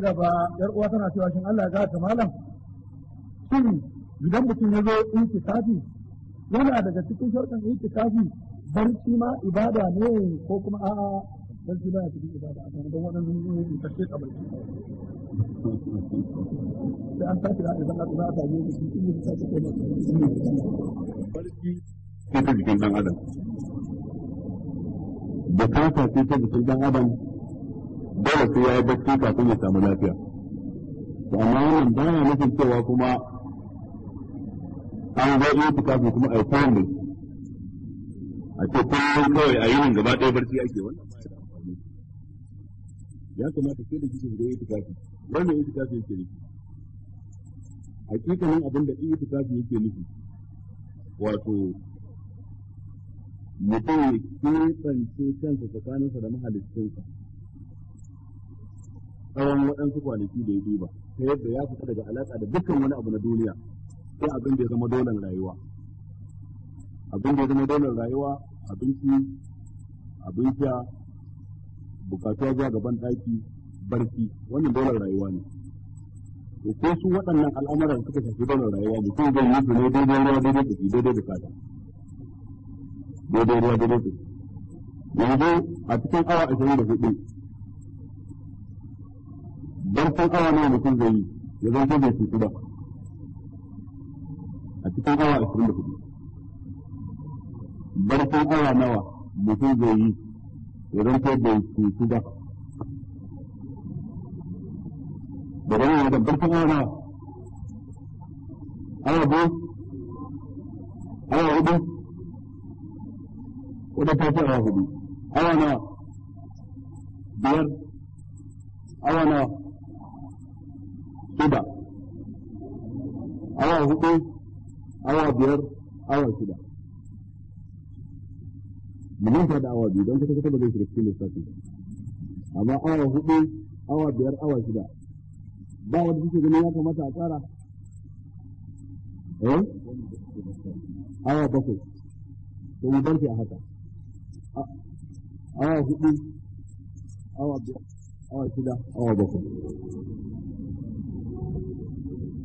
gaba yar uwa tana cewa shin Allah ya ta malam shin idan mutum ya zo in itikafi yana daga cikin sharɗin itikafi barci ma ibada ne ko kuma a'a barci ba ya cikin ibada a kan don waɗannan zuwa ne karshe ka barci da an tashi da idan Allah za a same shi in yi ta cikin barci ko ta jikin dan adam bukata ce ta jikin dan adam dole sai ya yi bacci kafin ya samu lafiya to amma wannan ya nufin cewa kuma an ga yi kafin kuma a yi kwan ne a ce kullum kawai a yinin gaba ɗaya barci ake wannan ya kamata sai da kike da yi kafin wannan yi kafin yake nufi hakikanin abin da yi kafin yake nufi wato mutum ya kintance kansa tsakaninsa da mahaliccinsa tsawon waɗansu kwanaki da ya duba ta yadda ya fita daga alaƙa da dukkan wani abu na duniya sai abin da ya zama dolan rayuwa abin da ya zama dolan rayuwa abinci abin sha bukatuwa zuwa gaban ɗaki barci wannan dolan rayuwa ne ko su waɗannan al'amuran suka shafi dolan rayuwa mutum zai yi su ne daidai ruwa daidai tafi daidai bukata daidai ruwa daidai tafi yanzu a cikin awa ashirin da hudu farkon awa nawa mutum zai yi ya zan bai ba a cikin awa ashirin da barkon awa nawa mutum zai yi ya zan bai ba da barkon awa nawa awa awa hudu awa hudu awa ƙiba awa hudu awa biyar awa shida mun da awa biyu don ta kasa ba zai shiga cikin lissafi amma awa hudu awa biyar awa shida ba wanda kuke ganin ya kamata a tsara eh awa bakwai to mu barke a haka awa hudu awa biyar awa shida awa bakwai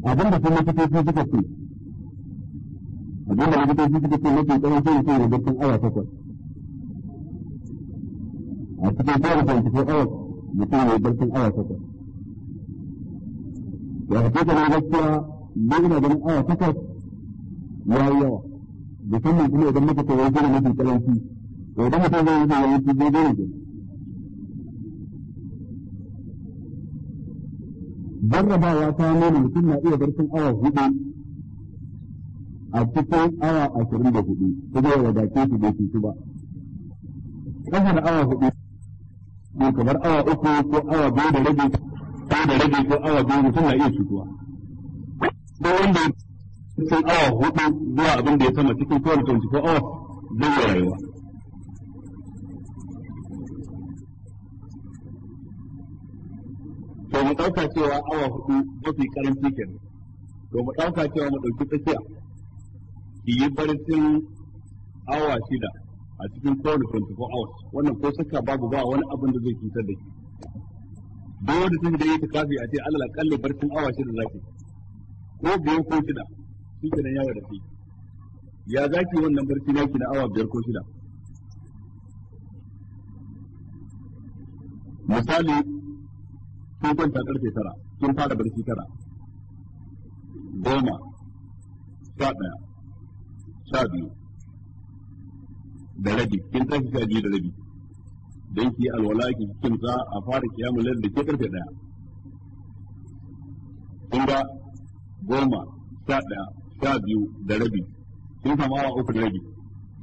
abin da kuma likitoci suka ce abin da likitoci suka ce mafi karancin mutum ya dattin awa takwas a cikin kowane kwanci awa mutum ya dattin awa takwas ya fi kakanin gaskiya don ina ganin awa takwas ya yi yawa musamman kuma idan muka ce gina mafi karanci idan mutum zai yi zai yi daidai jarrabawa ta nuna mutum na iya barcin awa hudu a cikin awa ashirin da hudu ta zai wadace shi bai cutu ba ƙasa da awa hudu ne kamar awa uku ko awa biyu da rabi ko da rabi ko awa biyu mutum na iya cutuwa don wanda cikin awa hudu zuwa abin da ya sama cikin kowane 24 awa zai rayuwa ɗauka cewa awa hudu mafi karanci kenan to mu ɗauka cewa mu ɗauki tsakiya ki yi barcin awa shida a cikin kowane 24 hours wannan ko saka babu ba wani abin da zai cutar da ke da wanda sun da ta kafi a ce Allah kalli barcin awa shida zaki ko biyan ko shida shi nan yawa da shi ya zaki wannan barci naki na awa biyar ko shida misali kin kwanta karfe tara kin fara barci tara goma sha ɗaya sha biyu da rabi kin tashi sha biyu da rabi don ki alwala ki za a fara kiyamun lalle da ke karfe ɗaya kun ga goma sha ɗaya sha biyu da rabi kin sama wa uku da rabi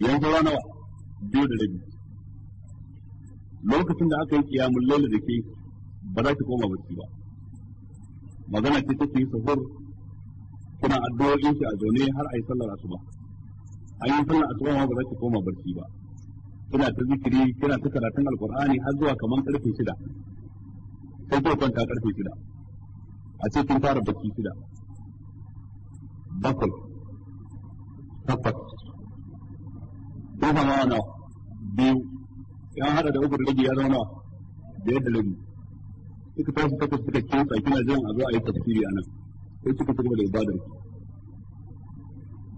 yan saura nawa biyu da rabi lokacin da aka yi kiyamun lalle da ke ba za ki koma barci ba magana ce take yi sahur kuna addu'o'in shi a zaune har a yi sallar asuba an yi sallar asuba ma ba za ki koma barci ba kina ta zikiri kina ta karatun alqur'ani har zuwa kaman karfe shida sai ko kwanta karfe shida a ce kin fara barci shida bakul takwas ko ma na biyu ya hada da ubur da rage ya zama da yadda suka tashi takwas suka kinsa kina jiran a zo a yi tafsiri a nan sai suka ci gaba da ibadar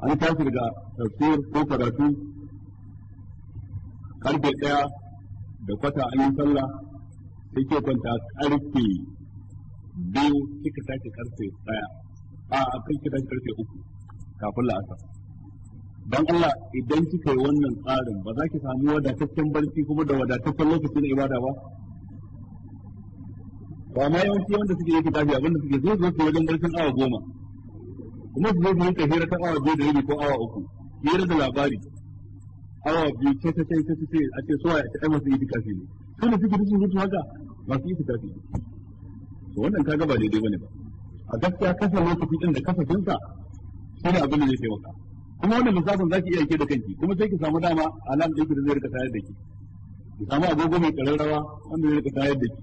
an tashi daga tafsir ko karatu karfe daya da kwata an yi sallah sai ke kwanta karfe biyu kika tashi karfe daya a a kai kika tashi karfe uku kafin la'asar dan Allah idan kika yi wannan tsarin ba za ki samu wadataccen barci kuma da wadataccen lokacin ibada ba ba ma yawanci wanda suke yi kitabi abinda suke zo zo su wajen barcin awa goma kuma su zo su yanka hira ta awa biyu da rabi ko awa uku hira da labari awa biyu ce ta ce ta ce a ce suwa ta ai masu itikafi ne su ne suke dukkan hutu haka masu itikafi ne to wannan kaga ba daidai bane ba a gaskiya kasa lokaci din da kasafinsa shi ne abin da zai taimaka kuma wannan lissafin zaki iya ke da kanki kuma sai ki samu dama alam ɗin da zai rika tayar da ki ki samu agogo mai ƙararrawa wanda zai rika tayar da ki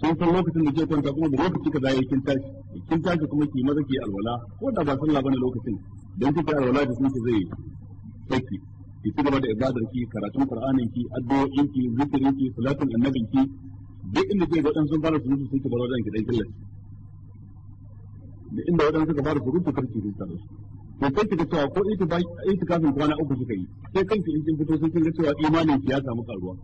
Sun san lokacin da ke kwanta kuma da lokaci ka za kin tashi kin tashi kuma ki maza ki alwala ko da ba sallah bane lokacin dan kika alwala da kinki zai saki ki ci gaba da ibadar ki karatun qur'anin ki addu'o'in ki zikirin ki salatin annabin ki duk inda ke ga dan sun fara sun sai ki bar wajen ki dan killace da inda wajen suka fara surutu karki ki tsare su to kai kike cewa ko ita ba ita kafin kwana uku kika yi sai kanki in kin fito sai kin ga cewa imanin ki ya samu karuwa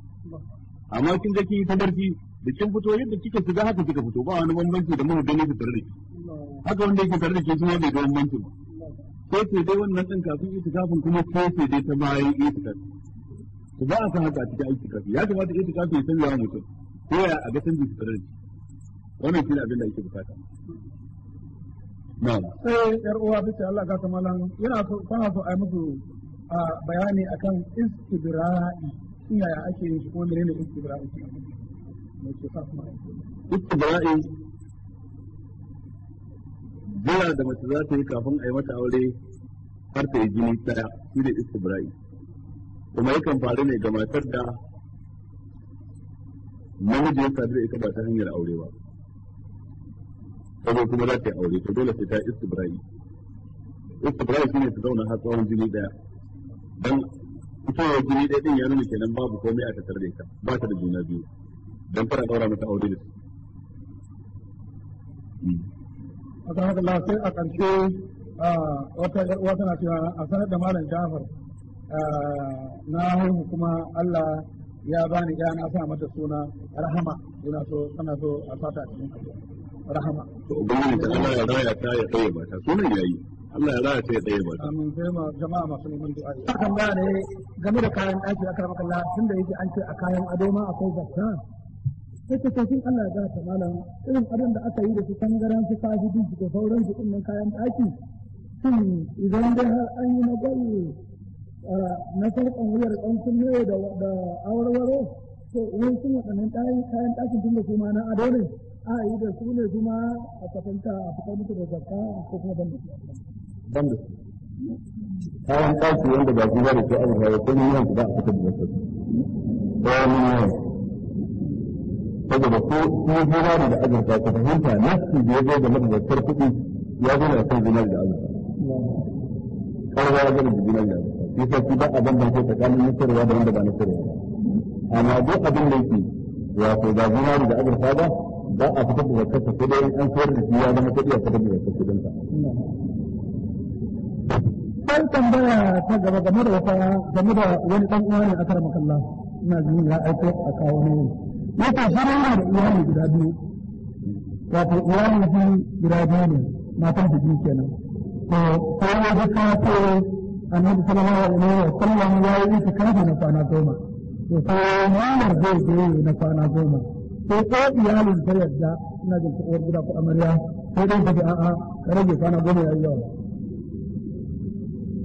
amma kin ga kin ta barci da kin fito yadda kika shiga haka kika fito ba wani bambanci da mun gani da tare da haka wanda yake tare da ki kuma bai da bambanci ba sai ce dai wannan din kafin kafin kuma sai ce dai ta bayan itikafi to ba a san haka a cikin kafin ya kamata itikafi ya sanya wa mutum ko ya a ga canji tare da ki wannan ne abin da ake bukata na'am sai yar uwa tace Allah ka ta malan yana so kana so a yi musu bayani akan istibra'i shin yaya ake yin shi ko menene istibra'i ittiba'i jira da mace za ta yi kafin a yi mata aure har ta yi jini daya shi ne istibra'i kuma yakan faru ne ga matar da namiji ya sadu da ita ba ta hanyar aure ba sai kuma za ta yi aure to dole sai ta istibra'i istibra'i ne ta zauna har tsawon jini daya dan fitowar jini daya din ya nuna kenan babu komai a tattare da ita ba ta da juna biyu dan fara daura mata aure da a kan haka sai a ƙarshe wata uwa cewa a sanar da malam Jafar eh, na haihu kuma Allah ya bani gaya na sa mata suna rahama ina so kana so a sata a cikin rahama to ta Allah ya raya ta ya tsaye ba ta sunan Allah ya raya ta ya tsaye ba ta amin sai ma jama'a masu neman du'a kan ba ne game da kayan ɗaki akramaka tun tunda yake an ce a kayan ado ma akwai zakka take to sun Allah ya ta malam irin abin da aka yi da su tangaran su fashi su da sauran su din kayan daki sun idan dai har an yi na gwai na sarkan wuyar dan ne da da awarwaro to wai sun wadannan kayan dakin din da kuma na ado ne a yi da su ne kuma a fatanta a fitar musu da zakka ko kuma ban ban da kayan daki wanda ba su da su abubuwa ko kuma yanzu ba a fitar da ne saboda ko kuma zinari da azurfa ka fahimta nafsi da ya zo da magabatar kuɗi ya zo da kan zinari da azurfa karwa ya zo da zinari da azurfa shi sa ba a ko tsakanin nasarwa da wanda ba nasarwa amma duk abin da yake wato ba zinari da azurfa ba ba a fitar da zakarta sai dai an sayar da shi ya zama kuɗi a fitar da zakarta din ta. ban tambaya ta gaba game da wata game da wani ɗan uwa ne a karamakalla ina jin ya aiko a kawo ne. yake shi yana da iyali guda biyu wato iyali shi guda biyu ne matan da biyu kenan to sai ya ga ka ce annabi sallallahu alaihi wa sallam ya yi ta kanta na kwana goma to sai mamar zai je na kwana goma to ta ko iyalin ta yadda ina jin kuɗin gida ko amarya yi dai ta a'a ka rage kwana goma ya yi yawa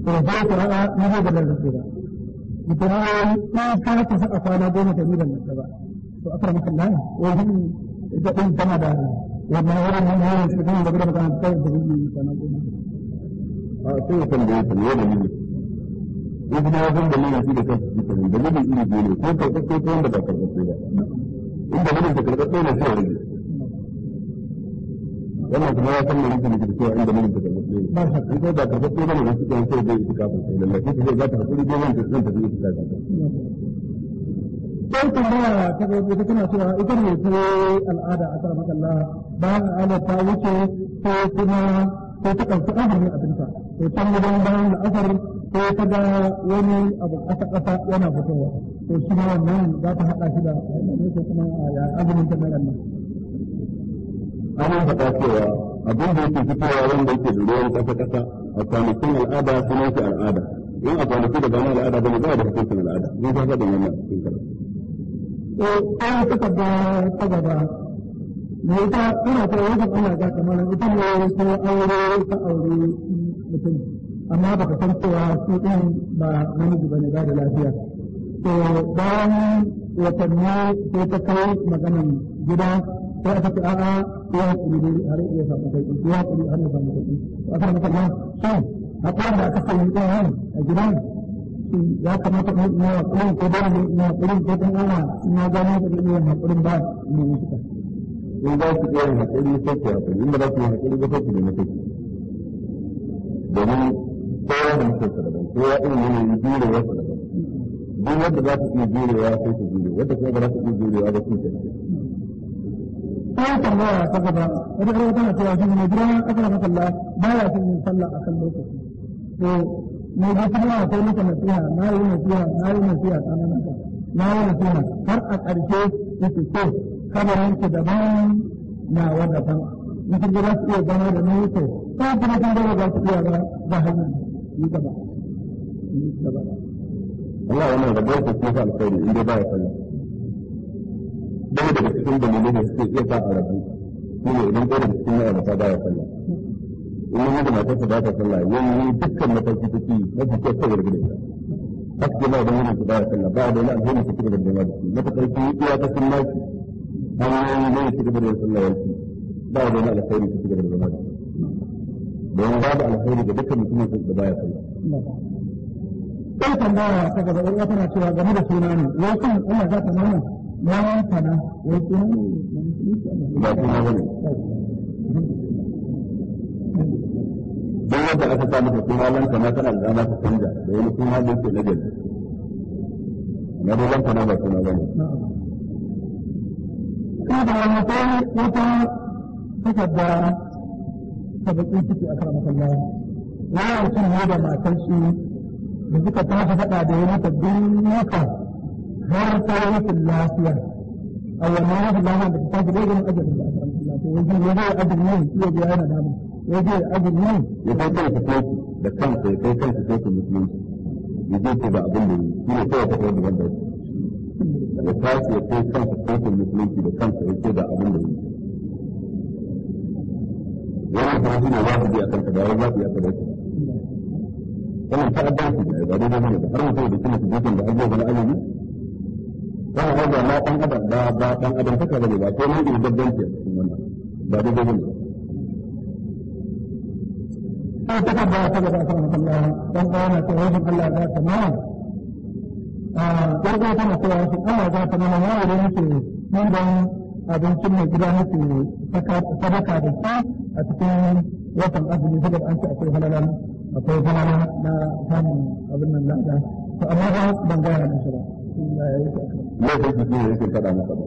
to ba ta ra'a na zai da lalata ba ita ra'a ta ta saka kwana goma ta ni ban ba to akramaka Allah wajen da din da wannan wurin nan yayin da kuma da kuma kan kai da yi kuma a sai ya da ta ne da yi ko kuma san da nan shi da kai shi da da iri biyu ne ko kai ko wanda ba ka ba inda gudun ka karɓe ne sai rage Yana kuma ya san da yake da cewa inda mun da karɓe ba shi ko da karɓe ba ne kan sai da yi kafin sai lalle sai da ta hakuri da wannan da zan don tambaya ta gaba ta tana cewa ita ne ta al'ada a kan makalla ba al'ada ta wuce ko kuma ko ta ɗauki azumi a binta ko ta gidan bayan la'asar ko ta ga wani abu ƙasa ƙasa yana fitowa ko shi ma wannan za ta haɗa shi da ne ko kuma ah, ya azumin ta mai nan. Ana faɗa cewa abin da yake fitowa wanda yake da ruwan kasa kasa a kwanakin al'ada sunan shi al'ada in a kwanaki da ba na al'ada ba ne ba da hukuncin al'ada zai ta faɗin wannan an suka da tagada da ita ina ta wata Allah ga kamar ita ne sai aure ta aure mutum amma ba ka san cewa su din ba namiji bane ba da lafiya to bayan watanni sai ta kai maganan gida sai aka ce a'a ya kuri dai har ya samu kai ya kuri har ya samu kai to aka maka ba shi akwai da aka sayi din a gidan ya kamata ka na haƙurin ko dole na haƙurin ko ɗan na gano ka ne iya haƙurin ba ne ne kika. In za ku iya haƙuri sai ku a in ba za su yi haƙuri ba sai ku nemi Domin kowa da mutum sa kowa irin yanayin jurewa sa Duk wanda za ku iya jurewa sai ku jure, wanda kuma ba za ku iya jurewa ba ku tafi. Sai tambaya ta gaba, wata kuma tana cewa shi ne gidan ƙasar masalla ba ya son sallah a kan lokaci. ne ga kuma na kai maka nasiha na yi nasiha na yi nasiha kana na yi nasiha har a ƙarshe yake to kabarin ki daban na wanda ban in da ga su iya gano da nayi to ko kuma kin ga ba su iya ba ba hanya ni gaba ni gaba Allah wannan da ko ka alkhairi in dai ba ya sallah daga cikin dalilai da suke iya ba a rabu ne idan dai daga cikin ma'aikata ba ya sallah in yi da matarsa ba ta sallah yanzu dukkan mataki ta ci mafi kyau ta gargada ita ke ba da wani ba ya sallah ba da wani alheri ta cigaba da zama da shi matakaici iya ta sun laki hanyoyin zai cigaba da sallah yanki ba da wani alheri ta cigaba da da shi don babu alheri da dukkan mutumin da ba ya sallah. Ɗan tambaya ta gaba ɗan tana cewa game da suna ne, wai kan Allah za ta nuna ya wanta na, wai suna ba suna ba ne. don wanda aka sa maka kuma ran kana kana da dama ka canja da wani kuma da yake na gari na da ran kana ba kuma ba ne kuma da wani kai wata da ta baki ciki a karamar Allah ya mutum ne da matar shi da suka tashi faɗa da wani tabbin maka har ta rashin lafiya a wannan rashin lafiya da ta tafi daidai ajalin da aka ramar Allah to wajen ne zai ajalin ne shi ya biya yana damu. ya je azumi ya kai da ya kai musulunci ya je abin da shi ne kawai kawai da wanda ya tashi ya kai musulunci da ya ce abin da kuma shi ne a kanka wani ta da da da har mutum da kuma da ba ma adam ba adam ba ko mun da dabbanci a cikin wannan ba ko kuka ba ta gaba kan Allah dan ba na ta wajen Allah da ta mana a garga ta na cewa shi Allah da ta mana ya wuri nake nan dan abincin mai gida nake sadaka da shi a cikin watan azumi saboda an ce akwai halalan akwai halala na samun abin nan lada to amma ba ban gaya na shi ba lokacin da yake faɗa masa ba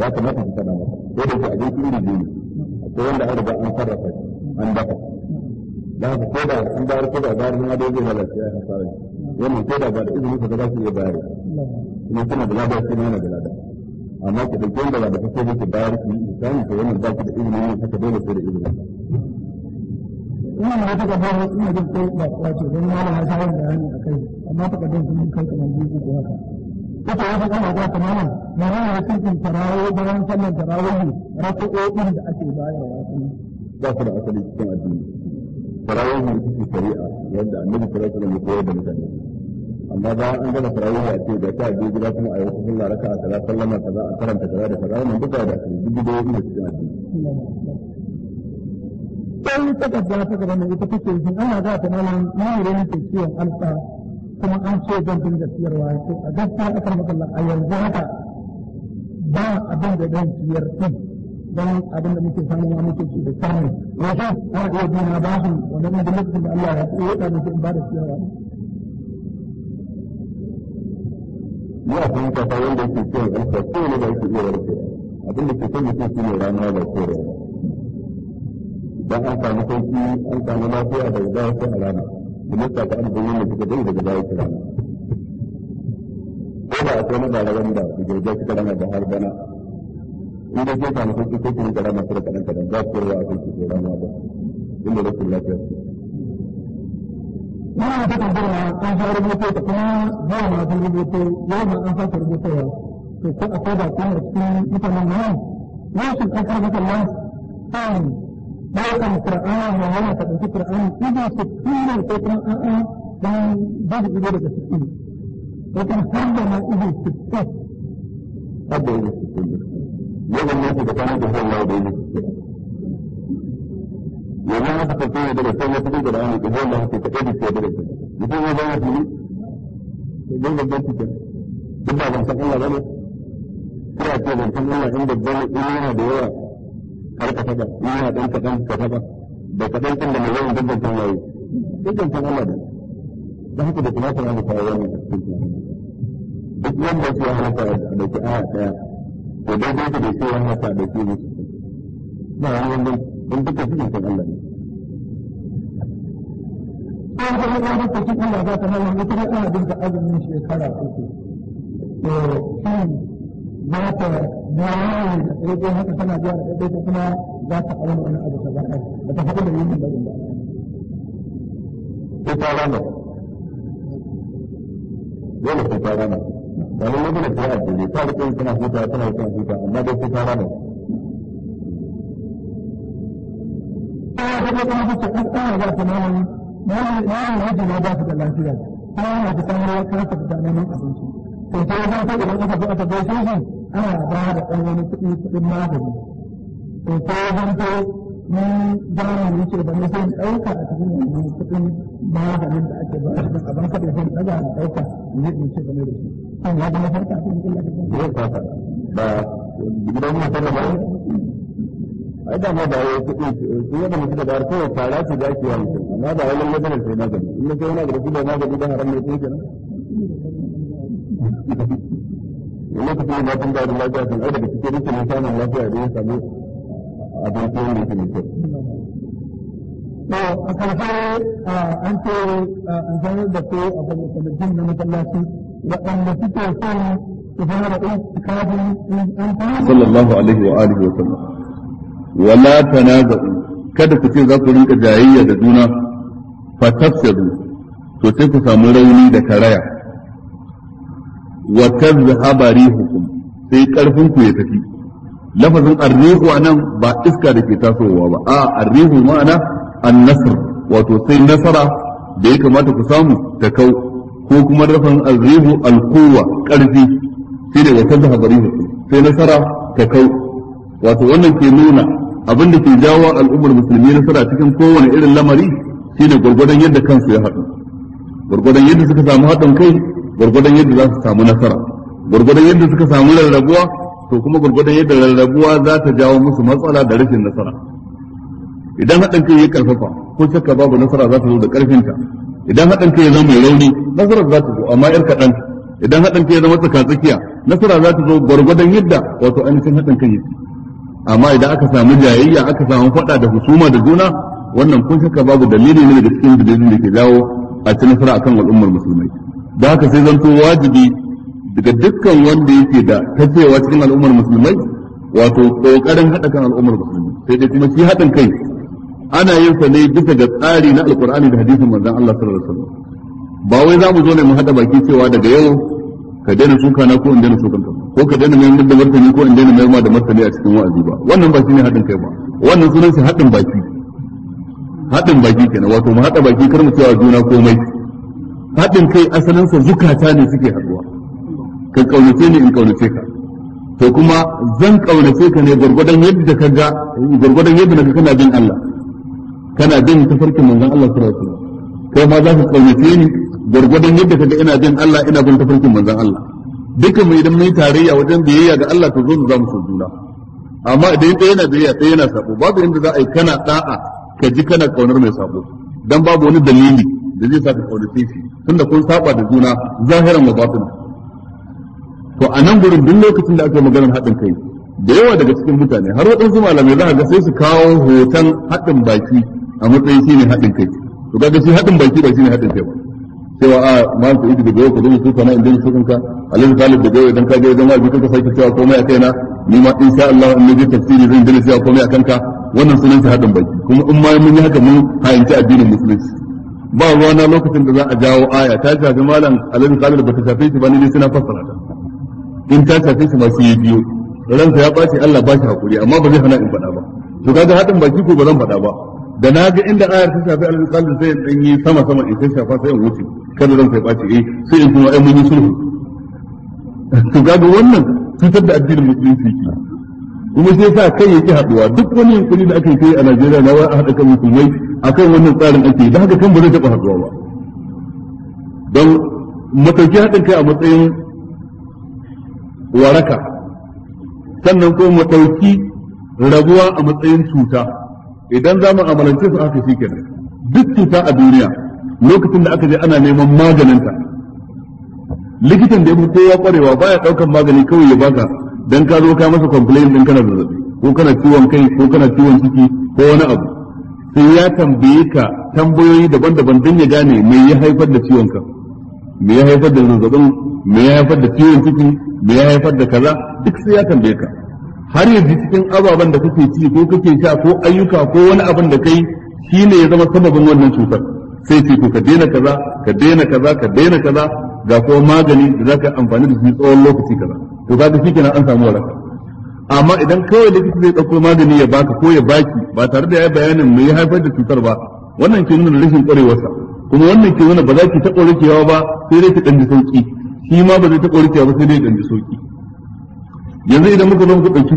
ya kamata ka faɗa masa ko da ke abincin da ne akwai wanda an riga an sarrafa an dafa da haka ko da an bayar ko da bayar na dai zai halarci ya hasara wannan ko da ba da izinin ka za su iya bayar kuma suna da labar kuma mana da labar amma ku dauki wanda ba da kake da ke bayar ku yi sani to wannan ba ku da izinin ne haka dole sai da izinin ina ma ta gaba ina jin kai ba kuwa ce don yana na sa yin bayani a kai amma ta gaba sun kai kamar biyu ko haka ita wata kama ta kama nan na rana cikin tarawo bayan sallar tarawo ne rako'o'in da ake bayarwa ba su da asali cikin addini farawar mu suke shari'a wanda annabi sallallahu alaihi wasallam ya koyar da mutane amma bayan an gama farawar a ce da ta je gida kuma a yi wasu sallah raka a kaza sallama kaza a karanta kaza da kaza wannan duka da su duk gidoyi da cikin addini sai ta gaba ta gaba mai ita take jin ana za ta malam na yi ne ke ciwon alfa kuma an ce zan bin da siyarwa to a gaskiya akar matsala a yanzu haka ba abin da zan siyar din don abin da muke samu ma muke ci da samu wasu ana iya jina ba su wanda na lokacin da Allah ya tsaye da mutum ba da ciyawa ya kuma ta fa wanda yake cewa alfa ne da yake iya warke abin da ke kan mutum shi rana da kore dan an samu sauki an samu lafiya da zai ta alama kuma ta ta albayin da suka dai daga baya kira ko da akwai na bara wanda da gaje kika rana da har bana in da ke samu sauki ko kuma gara masu da za su rawa a kan su ramuwa ba inda da kuma lafiya su. Yana ta tambar na an fara rubuto ta kuma zuwa ma an rubuto ya ma an fara to ko da kuma cikin mutanen nan rashin an karɓi nan an ɗaukan Kur'an ya wani ka ɗauki Kur'an idan su kuma ko kuma a'a dan babu ido daga cikin. Wakan har da ma ido su kuma. Har da ido su yawan yake da kwanan da sallah da yake yanzu haka ka tsaye daga sallah ta daga ranar da sallah haka ka tsaye da daga ya zama fili don babban cikin duk ba ban Allah ba ne kira ce ban san Allah in babban ilimi da yawa har ka In ilimi ɗan kaɗan ka faɗa da kaɗan kan da mai babban kan yayi duk ban san Allah ba da haka da kuma tana da kawo wannan duk wanda ke halatta da ke aya ɗaya da daidai ka da ce wannan sa da ke ne ba wani wanda in duka cikin kan Allah ne an kuma ya duka cikin Allah za ta hana ita ba ana duka azumin shekara uku to shin za ta dawo da ɗaiɗai haka tana zuwa da ɗaiɗai ko kuma za ta aure wani abu ta zakar da ta haɗu da yin da ba ita rana dole ta rana ba wani mutum da ya ajiye ta rike tana huta tana kan huta amma dai sai ta rana ta kuma ta ce an ta malam malam malam waje ne ba su da lafiya an ba ta samu ya kasa fita neman abinci to ta ga ta idan aka zo aka shi ana ba da ɗan wani kuɗi kuɗin magani to ta zanto na zamani ce da na zan ɗauka a cikin wannan kuɗin maganin da ake ba shi a ban kaɗai zan ɗaga a ɗauka ne ce game da shi an ya zama farka a cikin da zai fata ba gidan da bayan ai da ma ba wai kuɗi sun yadda mutum da bayar kawai fara ce da ake yawan amma ba wai lallai bane sai magani in mutum yana da kuɗi magani da haram ne kuma kenan lokacin da mutum da lafiya sun ai daga cikin rikin samun lafiya da ya samu abin da yake da kyau to a karfe an ce zanar da ko a kwamitin na masallaci waɗanda suke son su zama da kafin an fara sallallahu alaihi wa alihi wa sallam wala tanaza'u kada ku ce za ku rinka jayayya da juna fa tafsiru, to sai ku samu rauni da karaya wa tazhaba hukum sai karfin ku ya tafi lafazin arrihu anan ba iska da ke tasowa ba a arrihu ma'ana an nasar wato sai nasara da ya kamata ku samu ta kau ko kuma lafazin arrihu al-quwwa karfi sai da wata da habarihu sai nasara ta kau wato wannan ke nuna abin da ke jawo al'ummar musulmi nasara cikin kowane irin lamari shine gwargwadon yadda kansu ya haɗu gwargwadon yadda suka samu haɗin kai gwargwadon yadda za su samu nasara gwargwadon yadda suka samu rarrabuwa to kuma gurgurdan yadda rarrabuwa za ta jawo musu matsala da rashin nasara idan haɗin kai ya karfafa ko shakka babu nasara za ta zo da ƙarfinta. idan haɗin kai ya zama mai rauni nasara za ta zo amma yar kaɗan idan haɗin kai ya zama tsakatsakiya nasara za ta zo gwargwadon yadda wato ainihin haɗin kai yake amma idan aka samu jayayya aka samu faɗa da husuma da juna wannan kun shakka babu dalili ne daga cikin dalilin da ke jawo a ci nasara akan al'ummar musulmai da haka sai zanto wajibi daga dukkan wanda yake da tafiyawa cikin al'ummar musulmai wato kokarin haɗa kan al'ummar musulmai sai dai kuma shi haɗin kai ana yin sa ne bisa ga tsari na alkur'ani da hadisin manzon Allah sallallahu alaihi wasallam ba wai za mu zo ne mu haɗa baki cewa daga yau ka daina suka na ko in daina sukan ka ko ka daina mai da martani ko in daina mai ma da martani a cikin wa'azi ba wannan ba shine haɗin kai ba wannan sunan shi haɗin baki haɗin baki kenan wato mu haɗa baki kar mu cewa juna komai haɗin kai sa zukata ne suke haɗuwa ka kaunace ni in kaunace ka to kuma zan kaunace ka ne gurgurdan yadda ka ga gurgurdan yadda naga kana bin Allah kana bin tafarkin manzon Allah sallallahu alaihi wasallam kai ma za ka kaunace ni gurgurdan yadda ka ga ina bin Allah ina bin tafarkin manzon Allah duka mu idan mun tarayya wajen biyayya ga Allah to zo mu za mu so juna amma idan ɗaya yana biyayya sai yana sabo babu inda za a yi kana da'a ka ji kana kaunar mai sabo dan babu wani dalili da zai sa ka kaunace shi tunda kun saba da juna zahiran wa batin to a nan gurin duk lokacin da aka yi maganar haɗin kai da yawa daga cikin mutane har waɗansu malamai za a ga sai su kawo hoton haɗin baki a matsayin ne haɗin kai to kaga shi haɗin baki ba ne haɗin kai ba cewa a ah, ma su idi daga yau ka zo mu tuka na inda mu tukan ka alhaji talib da yau idan ka je wajen wajibi ka sake cewa komai a kaina ni ma insha Allah in je tafsiri zan dinga cewa komai a kanka wannan sunan shi haɗin baki kuma in ma mun yi haka mun hayanci addinin musulunci ba ruwa na lokacin da za a jawo aya ta shafi malam alhaji talib ba ta shafe shi ba ni ne suna fassara ta in ta shafe shi ma shi ya biyo ransa ya bace Allah ba shi hakuri amma ba zai hana in faɗa ba to kaga hadin baki ko ba zan faɗa ba da na ga inda ayar ta shafi Allah sai in dan yi sama sama in sai shafa sai in wuce kada ran sai bace eh sai in kuma ai mun yi sulhu to kaga wannan cutar da addinin musulunci ke kuma sai sa kai yake haduwa duk wani yankuri da ake yi a Najeriya na wai a haɗa kan musulmai akan wannan tsarin ake da haka kan ba zai taɓa haduwa ba don matauki haɗin kai a matsayin waraka sannan ko mu ɗauki rabuwa a matsayin cuta idan za mu amalance su haka shi duk cuta a duniya lokacin da aka je ana neman maganinta likitan da ya fi kowa kwarewa baya ɗaukan magani kawai ya baka dan ka zo ka masa complain din kana zazzabi ko kana ciwon kai ko kana ciwon ciki ko wani abu sai ya tambaye ka tambayoyi daban-daban don ya gane mai ya haifar da ciwon ka me ya haifar da zazzabin me ya haifar da ciwon ciki me ya haifar da kaza duk sai ya tambaye ka har yanzu cikin ababen da kake ci ko kake sha ko ayyuka ko wani abin da kai shine ya zama sababin wannan cutar sai ce ko ka daina kaza ka daina kaza ka daina kaza ga kuma magani da zaka amfani da shi tsawon lokaci kaza to kaga shikenan an samu waraka amma idan kawai likita zai dauko magani ya baka ko ya baki ba tare da ya bayanin me ya haifar da cutar ba wannan ke nuna rashin kwarewarsa kuma wannan ke nuna ba za ki taɓa rikewa ba sai dai ki ɗan sauƙi shi ma ba zai taɓa rikewa ba sai dai ɗan sauƙi yanzu idan muka zo muka ɗauki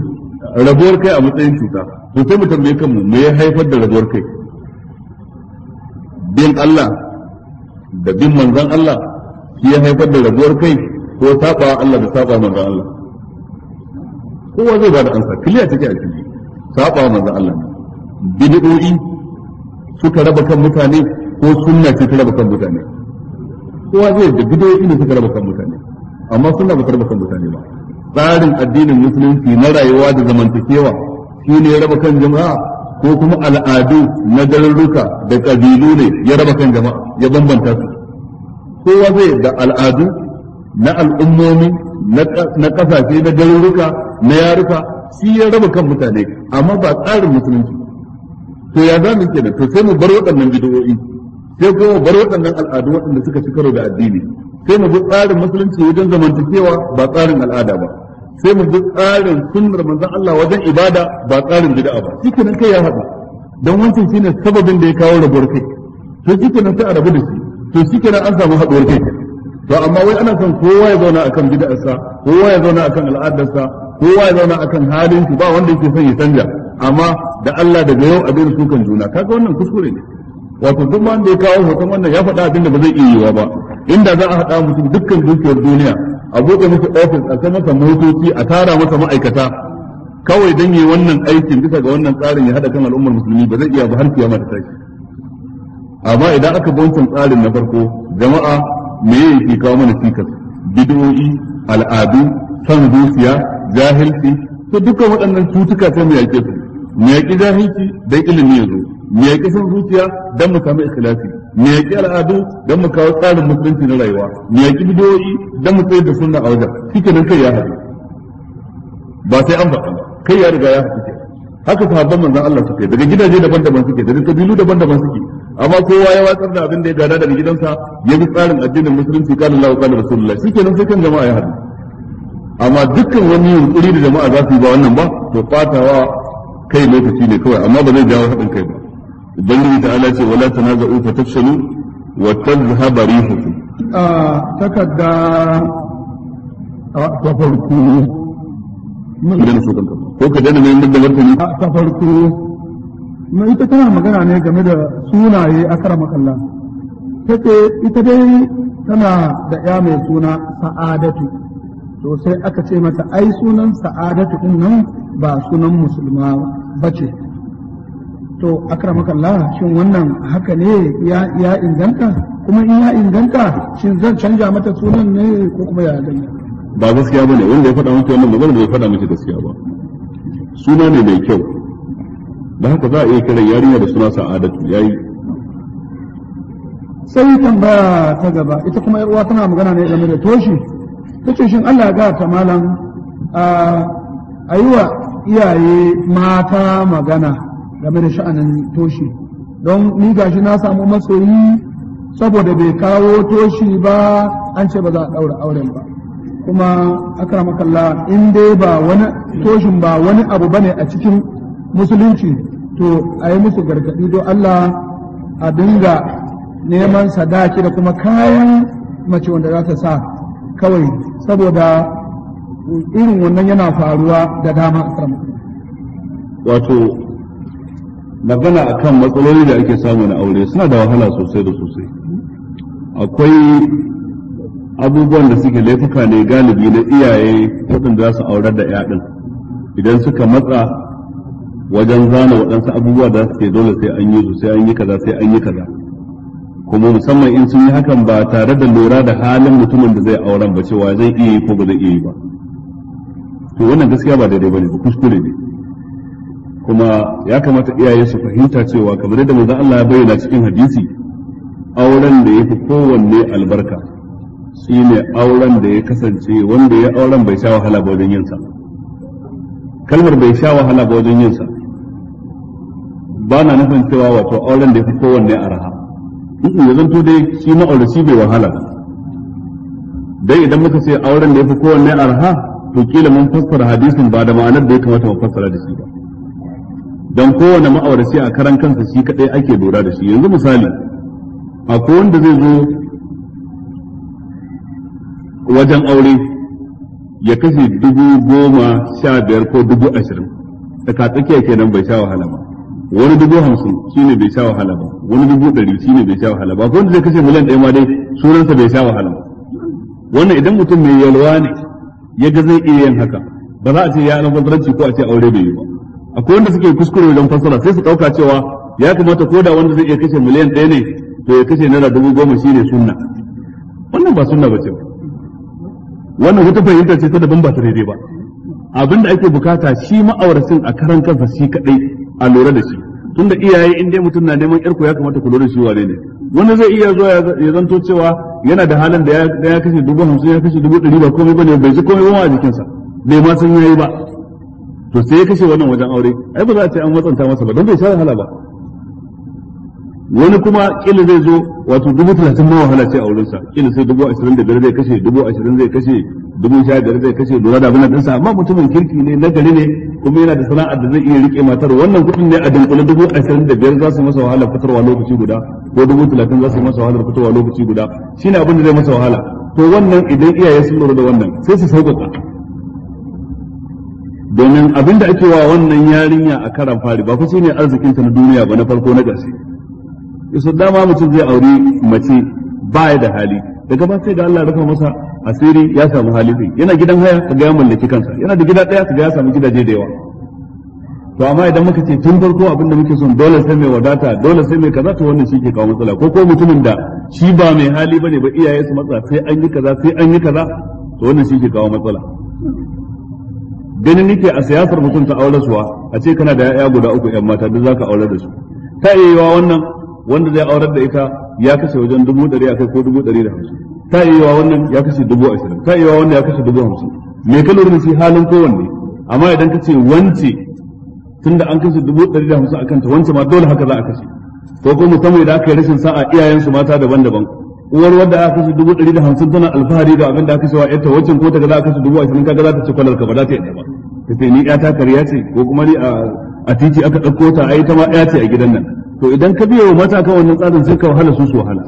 rabuwar kai a matsayin cuta to sai mu tambaye kanmu me ya haifar da rabuwar kai bin Allah da bin manzon Allah shi ya haifar da rabuwar kai ko saba Allah da saba manzon Allah kowa zai ba da ansa kiliya take a cikin saba manzon Allah bid'o'i suka raba kan mutane ko sunna ce ta raba kan mutane kowa zai da bidiyoyi ne suka raba kan mutane amma sunna ba ta raba kan mutane ba tsarin addinin musulunci na rayuwa da zamantakewa shi ne ya raba kan jama'a ko kuma al'adu na garuruka da ƙabilu ne ya raba kan jama'a ya bambanta su kowa zai da al'adu na al'ummomi na ƙasashe na garuruka na yaruka shi ya raba kan mutane amma ba tsarin musulunci to ya za mu kenan to sai mu bar waɗannan bidiyoyi sai kuma bar waɗannan al'adu waɗanda suka ci karo da addini sai mu bi tsarin musulunci wajen zamantakewa ba tsarin al'ada ba sai mu bi tsarin sunnar manzon Allah wajen ibada ba tsarin bid'a ba shikenan kai ya haɗu dan wancan shine sababin da ya kawo rabuwar kai to shikenan sai a rabu da shi to kenan an samu haɗuwar kai to amma wai ana son kowa ya zauna akan bid'arsa kowa ya zauna akan al'adarsa kowa ya zauna akan halin shi ba wanda yake son ya canja amma da Allah daga yau a daina kan juna kaga wannan kuskure ne wato duk da ya kawo hoton wannan ya faɗa abin da ba zai iya yiwa ba inda za a haɗa mutum dukkan dukiyar duniya a buɗe masa ofis a sai masa motoci a tara masa ma'aikata kawai don yi wannan aikin bisa ga wannan tsarin ya haɗa kan al'ummar musulmi ba zai iya ba har kiyama ta amma idan aka bi wancan tsarin na farko jama'a me yake kawo mana cikas bid'o'i al'adu san zuciya jahilci to dukkan waɗannan cutuka sai mu yaƙe su mu yaƙi jahilci dan ilimi ya zo me yake son zuciya dan mu samu ikhlasi me yake al'adu dan mu kawo tsarin musulunci na rayuwa me yake bidiyoyi dan mu tsaye da sunna a wajen shike nan kai ya haɗu ba sai an faɗa ba kai ya riga ya haɗu haka sahabban manzon Allah suke daga gidaje daban-daban suke daga kabilu daban-daban suke amma kowa ya watsar da abin da ya gada daga gidansa ya bi tsarin addinin musulunci kana Allah kana Rasulullah nan sai kan jama'a ya haɗu amma dukkan wani yunkuri da jama'a za su yi ba wannan ba to fatawa kai lokaci ne kawai amma ba zai jawo haɗin kai ba ubangiji ta ala ce wala tanaza'u fa tafshalu wa tadhhaba rihukum a takadda ta farko mun da su kanka ko ka dana mai da martani ta farko mai ita tana magana ne game da sunaye akara makalla take ita dai tana da ya mai suna sa'adatu to sai aka ce mata ai sunan sa'adatu din nan ba sunan musulma ba ce to Allah shin wannan haka ne ya inganta kuma in ya inganta shin zan canja mata sunan ne ko kuma ya gani ba gaskiya bane wanda ya faɗa miki wannan magana bai faɗa miki gaskiya ba suna ne mai kyau da haka za a iya kiran yarinya da suna sa'adatu yayi sai tambaya ta gaba ita kuma uwa tana magana ne game da toshi tace ce shin Allah ga ta malam a yi wa iyaye mata magana game da sha'anin toshi don ni gashi na samu masoyi saboda bai kawo toshi ba an ce ba za a ɗaura auren ba kuma makalla in dai ba wani toshin ba wani abu bane a cikin musulunci to a yi musu gargaɗi don Allah a dinga neman sadaki da kuma kayan mace wanda za ta sa kawai saboda irin wannan yana faruwa da dama a wato magana kan matsaloli da ake samu na aure suna da wahala sosai da sosai akwai abubuwan da suke laifuka ne galibi na iyaye waɗanda za su aurar da yaɗin idan suka matsa wajen zana waɗansu abubuwa da suke dole sai an yi su an yi kaza sai an yi kaza kuma musamman in sun yi hakan ba tare da lura da halin mutumin da zai auren ba cewa zai iya yi ko ba zai iya yi ba to wannan gaskiya ba daidai ba ne ba kuskure ne kuma ya kamata iyaye su fahimta cewa kamar yadda manzon Allah ya bayyana cikin hadisi auren da yafi kowanne albarka shine auren da ya kasance wanda ya auren bai sha wahala ba wajen yinsa kalmar bai sha wahala ba wajen yinsa ba na nufin cewa wato auren da ya fi kowanne araha in ya zanto dai shi shi bai wahala ba dai idan muka ce auren da ya fi kowanne araha to kila mun fassara hadisin ba da ma'anar da ya kamata mu fassara da shi ba don kowane ma'aurasi a karan kansa shi kadai ake lura da shi yanzu misali akwai wanda zai zo wajen aure ya kashe dubu goma sha biyar ko dubu ashirin daga tsakiya kenan bai sha wahala ba wani dubu hamsin shi ne bai sha wahala ba wani dubu ɗari shi ne bai sha wahala ba akwai wanda zai kashe miliyan ɗaya ma dai sunansa bai sha wahala ba wannan idan mutum mai yalwa ne ya ga zai iya yin haka ba za a ce ya almubazzaranci ko a ce aure bai yi ba akwai wanda suke kuskure wajen fassara sai su dauka cewa ya kamata ko da wanda zai iya kashe miliyan ɗaya ne to ya kashe naira dubu goma shi ne sunna wannan ba sunna ba ce wannan wata fahimta ce ta daban ba ta daidai ba abinda ake bukata shi ma'auracin a karan kansa shi kadai a lura da shi tunda iyaye in dai mutum na neman yarku ya kamata ku lura da shi wane ne wani zai iya zuwa ya zanto cewa yana da halin da ya kashe dubu hamsin ya kashe dubu ɗari ba komai ba ne bai ji komai ba a jikinsa bai ma san yayi ba to sai ya kashe wannan wajen aure ai ba za a ce an watsanta masa ba don bai sha wahala ba wani kuma kila zai zo wato dubu talatin ma wahala ce a wurinsa kila sai dubu ashirin da biyar zai kashe dubu ashirin zai kashe dubu sha biyar zai kashe lura da abin ɗinsa amma mutumin kirki ne na gari ne kuma yana da sana'ar da zai iya rike matar wannan kuɗin ne a dunkule dubu ashirin da biyar za su masa wahala fitarwa lokaci guda ko dubu talatin za su masa wahala fitarwa lokaci guda shine abin da zai masa wahala to wannan idan iyaye sun lura da wannan sai su sauƙaƙa domin abinda ake wa wannan yarinya a karan fari ba kusa ne arzikinta na duniya ba na farko na ƙarshe yasa dama mutum zai aure mace ba ya da hali daga ba sai da Allah ya rufa masa asiri ya samu hali zai yana gidan haya ga ya mallaki kansa yana da gida ɗaya kaga ya samu gidaje da yawa to amma idan muka ce tun farko abin da muke son dole sai mai wadata dole sai mai kaza to wannan shi ke kawo matsala ko ko mutumin da shi ba mai hali bane ba iyaye su matsa sai an yi kaza sai an yi kaza to wannan shi ke kawo matsala ganin nike a siyasar mutum ta aure suwa a ce kana da ya'ya guda uku yan mata duk zaka aure da su ta yiwa wannan wanda zai aurar da ita ya kashe wajen dubu ɗari a kai ko dubu ɗari da hamsin ta yiwa wannan ya kashe dubu ashirin ta yiwa wannan ya kashe dubu hamsin me ka lura da shi halin kowanne amma idan ka ce wance tunda an kashe dubu ɗari da hamsin a kanta wance ma dole haka za a kashe ko kuma musamman idan aka yi rashin sa'a iyayensu mata daban-daban uwar wadda aka kashe dubu ɗari da hamsin tana alfahari da abin da aka cewa yarta wacin ko ta gaza aka kashe dubu ashirin kaga za ta ci kwalar ka ba za ta yi ba ta ce ni ta kariya ce ko kuma ni a titi aka ɗauko ta a yi ta ma ɗaya ce a gidan nan to idan ka biya wa mata wannan tsarin sai ka wahala su su wahala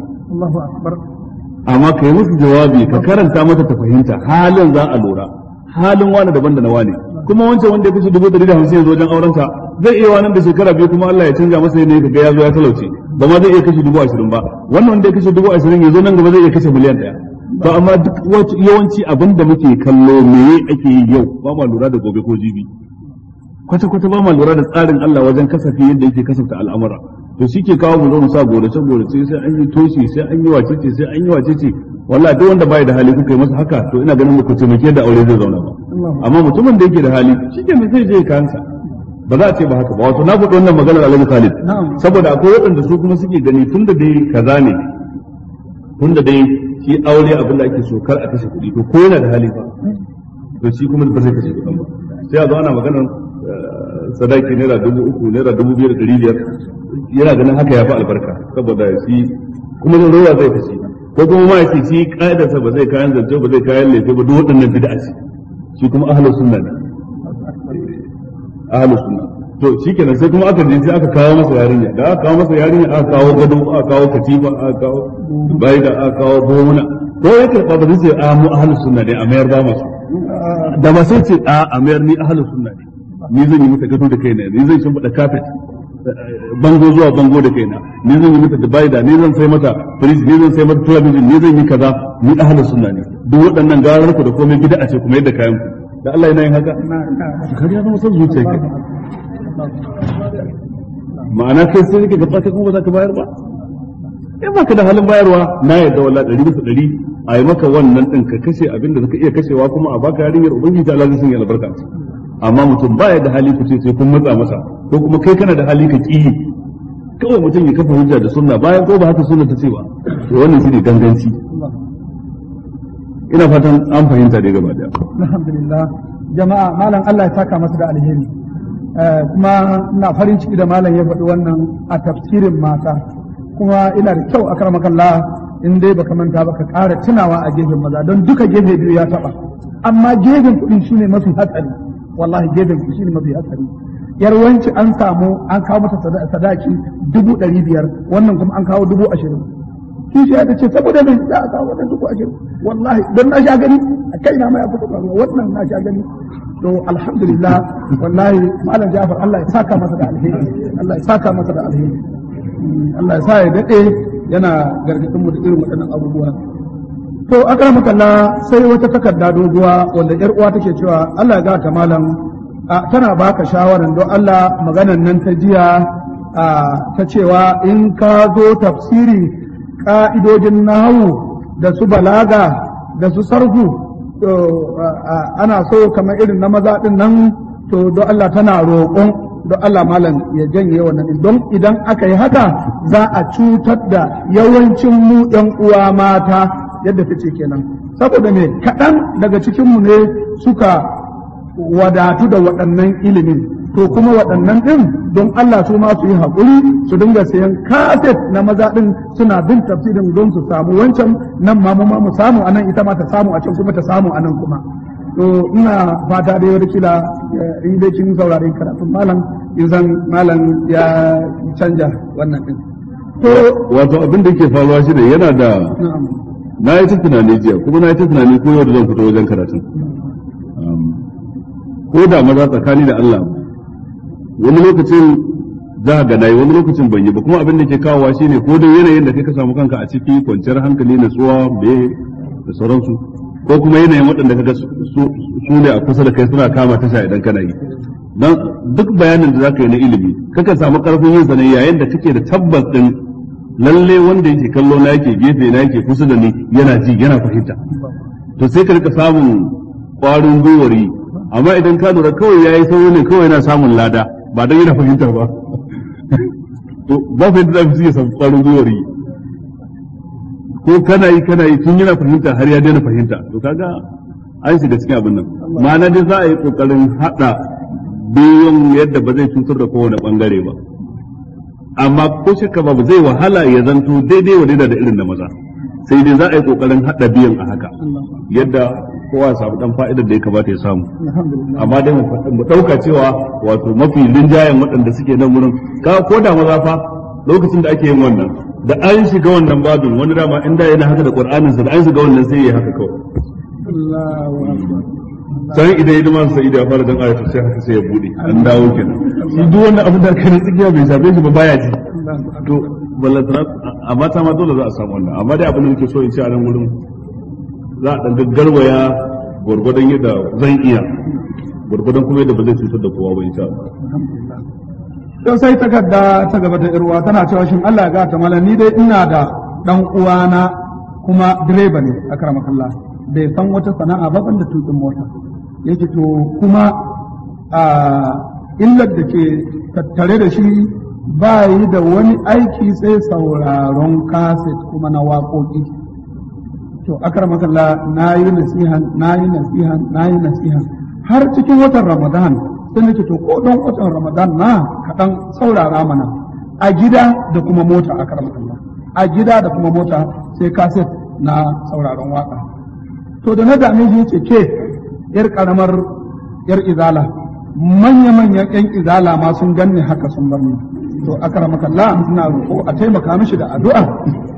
amma ka yi musu jawabi ka karanta mata ta fahimta halin za a lura halin wani daban da na wani kuma wancan wanda ya kashe dubu ɗari da hamsin ya zo wajen auren zai iya wannan da shekara biyu kuma Allah ya canza masa yanayi ga ya zo ya talauce ba ma zai iya kashe dubu ashirin ba wannan wanda ya kashe dubu ashirin ya zo nan gaba zai iya kashe miliyan ɗaya to amma duk yawanci abin da muke kallo meye ake yi yau ba ma lura da gobe ko jibi kwata-kwata ba ma lura da tsarin Allah wajen kasafi yadda yake kasafta al'amura to shi ke kawo mu zo mu sa gorace gorace sai an yi toshi sai an yi wacece sai an yi wacece wallahi duk wanda bai da hali kuka yi masa haka to ina ganin ku taimake da aure zai zauna ba amma mutumin da yake da hali shi ke sai je kansa ba za a ce ba haka ba wato na faɗi wannan maganar Alhaji Khalid saboda akwai waɗanda su kuma suke gani tun da dai kaza ne tun da dai shi aure abin da ake so kar a kashe kuɗi to ko yana da hali ba to shi kuma ba zai kashe kuɗin ba sai a zo ana maganar eh, sadaki naira dubu uku naira dubu biyar ɗari biyar yana ganin haka ya fi albarka saboda shi kuma zan rowa zai fashi ko kuma ma yace shi kaidarsa ba zai kayan zance ba zai kayan lefe ba duk waɗannan bid'a ce shi kuma ahlus sunna ne ahlus sunna to shikenan sai kuma aka je aka kawo masa yarinya da aka kawo masa yarinya aka kawo gado aka kawo katifa aka kawo bai da aka kawo bomuna ko ya karba ba zai ce a mu ahlus sunna ne a mayar ba masu da ba sai ce a a mayar ni ahlus sunna ne ni zan yi mata gado da kaina ni zan shimfiɗa kafet bango zuwa bango da kaina ne zan yi mata dubaida ne zan sai mata fridge ne zan sai mata television ne zan yi kaza ni ahlus sunna ne duk waɗannan garar ku da komai gida a ce kuma yadda kayan ku da Allah yana yin haka kar ya zama san zuciya ke ma'ana kai sai kake gaba kai kuma ba za ka bayar ba in ba ka da halin bayarwa na yadda wallahi ɗari bisa ɗari a yi maka wannan ɗin ka kashe abin da zaka iya kashewa kuma a baka yarinyar ubangiji ta Allah zai sanya albarka a ciki amma mutum baya da hali ku ce sai kun matsa masa ko kuma kai kana da hali ka kiyi kawai mutum ya kafa hujja da sunna bayan ko ba haka sunna ta ce ba to wannan shine ganganci ina fatan an fahimta dai gaba daya alhamdulillah jama'a malam Allah ya saka masa da alheri eh, kuma ina farin ciki da malam ya faɗi wannan a tafsirin mata kuma ina da kyau akramaka Allah in dai baka manta ba ka ƙara tunawa a gefen maza don duka gefe biyu ya taɓa amma gefen kuɗin shine mafi hatsari wallahi gefen shi ne mafi hatsari yar wanci an samu an kawo mata sadaki dubu ɗari biyar wannan kuma an kawo dubu ashirin kishi ya ce saboda mai za a kawo wannan dubu ashirin wallahi don na sha gani a kai na ma ya fito faruwa wannan na sha gani to alhamdulillah wallahi malam Jafar Allah ya saka masa da alheri Allah ya saka masa da alheri Allah ya sa ya dade yana gargadin mu da irin waɗannan abubuwa to akram makalla sai wata takarda doguwa wanda yar uwa take cewa Allah ya gata malam tana baka shawaran don Allah maganan nan ta jiya ta cewa in ka zo tafsiri ka'idojin nahawu da su balaga da su sarfu ana so kamar irin na maza din nan to don Allah tana roƙon don Allah malam ya janye wannan don idan aka yi haka za a cutar da yawancin mu ɗan uwa mata yadda ta ce kenan saboda me kaɗan daga cikinmu ne suka wadatu da waɗannan ilimin to kuma waɗannan ɗin don Allah su ma su yi haƙuri su dinga sayan kaset na maza ɗin suna bin tafsirin don su samu wancan nan ma mu ma mu samu anan ita ma ta samu a can kuma ta samu anan kuma to ina fata da yawar kila eh, in dai kin saurare karatun malam in zan malam ya canja wannan ɗin to wato abin da ke faruwa shi ne yana da na yi ta tunani jiya kuma na yi ta tunani ko yau da zan fito wajen karatun ko da maza tsakani da Allah wani lokacin za ga nayi wani lokacin ban yi ba kuma abin da ke kawowa shine ko dai yanayin da kai ka samu kanka a ciki kwanciyar hankali na tsuwa be da sauransu ko kuma yanayin waɗanda kaga su ne a kusa da kai suna kama tasha idan kana yi dan duk bayanin da zaka yi na ilimi kakan samu karfin yin sa yayin da kake da tabbas din lalle wanda yake kallo na yake gefe na yake kusa da ni yana ji yana fahimta to sai ka rika samun kwarin gwiwar yi amma idan ka lura kawai ya yi sauri ne kawai yana samun lada ba don yana fahimta ba to ba fa yadda zafi iya samun kwarin gwiwar yi ko kana yi kana yi tun yana fahimta har ya daina fahimta to kaga an shiga cikin abin nan ma'ana dai za a yi kokarin hada biyun yadda ba zai cutar da kowane bangare ba amma ko shakka babu zai wahala ya zanto daidai wa daidai da irin da maza sai dai za a yi kokarin hada biyan a haka yadda kowa ya samu dan fa'idar da ya kamata ya samu amma dai mu dauka cewa wato mafi linjayen waɗanda suke nan wurin ka ko da maza fa lokacin da ake yin wannan da an shiga wannan babin wani dama in da yana haka da ƙur'aninsa da an shiga wannan sai ya haka kawai Sai idan ya dama sai idan fara dan ayatu sai haka sai ya bude an dawo kenan shi duk wanda abin da aka ne tsikiya bai shafe shi ba baya ji to ballantana amma ta ma dole za a samu wannan amma dai abin da nake so in ce a nan gurin za a dan gaggarwaya gwargwadon yadda zan iya gurgurdan kuma yadda ba zai cutar da kowa ba insha Allah dan sai takarda ta gaba da irwa tana cewa shin Allah ya ga ta malami dai ina da dan uwana kuma direba ne akramakallah bai san wata sana'a ba banda tukin mota yake to kuma a illar da ke tattare da shi ba yi da wani aiki sai sauraron kaset kuma na waƙoƙi to akar makalla na yi nasihan na yi nasihan na yi nasihan har cikin watan ramadan sai nake to ko don watan ramadan na kaɗan saurara mana a gida da kuma mota akar makalla a gida da kuma mota sai kaset na sauraron waƙa to da na dame shi ce ke yar karamar yar izala manya-manyan yan izala ma sun ganni haka sun bar ni to akramaka Allah suna roƙo a taimaka mishi da addu'a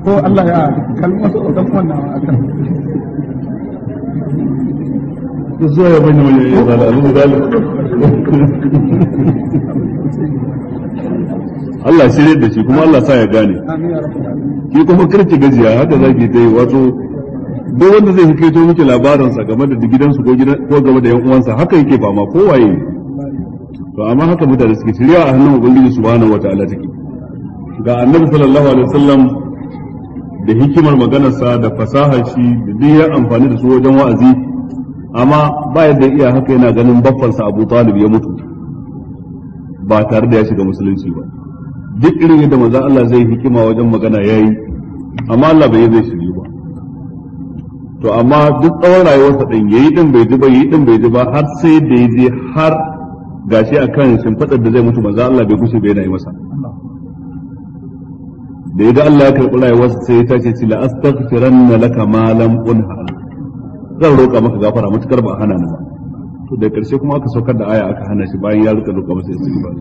ko Allah ya kalma su dan wannan akan zuwa ya bani wani Izala, zala azu Allah shirye da shi kuma Allah sa ya gane ki kuma kirki gajiya haka zaki ta yi wato duk wanda zai hikaito miki sa game da gidansu ko ko game da yan uwansa haka yake ba ma kowaye to amma haka mutane suke shirya a hannun ubangiji subhanahu wataala take ga annabi sallallahu alaihi wasallam da hikimar maganarsa da fasahar shi da duk ya amfani da su wajen wa'azi amma ba yadda iya haka yana ganin sa Abu Talib ya mutu ba tare da ya shiga musulunci ba duk irin yadda manzo Allah zai hikima wajen magana yayi amma Allah bai yi zai shi to amma duk tsawon rayuwarsa din yayi din bai ji ba yayi din bai ji ba har sai da ya je har gashi akan shimfadar da zai mutu manzo Allah bai kushe bai yana yi masa da yaga Allah ya karɓi rayuwarsa sai ya tace ci la astaghfiranna laka ma lam unha zan roƙa maka gafara mutukar ba hana ni ba to da karshe kuma aka saukar da aya aka hana shi bayan ya rika roƙa masa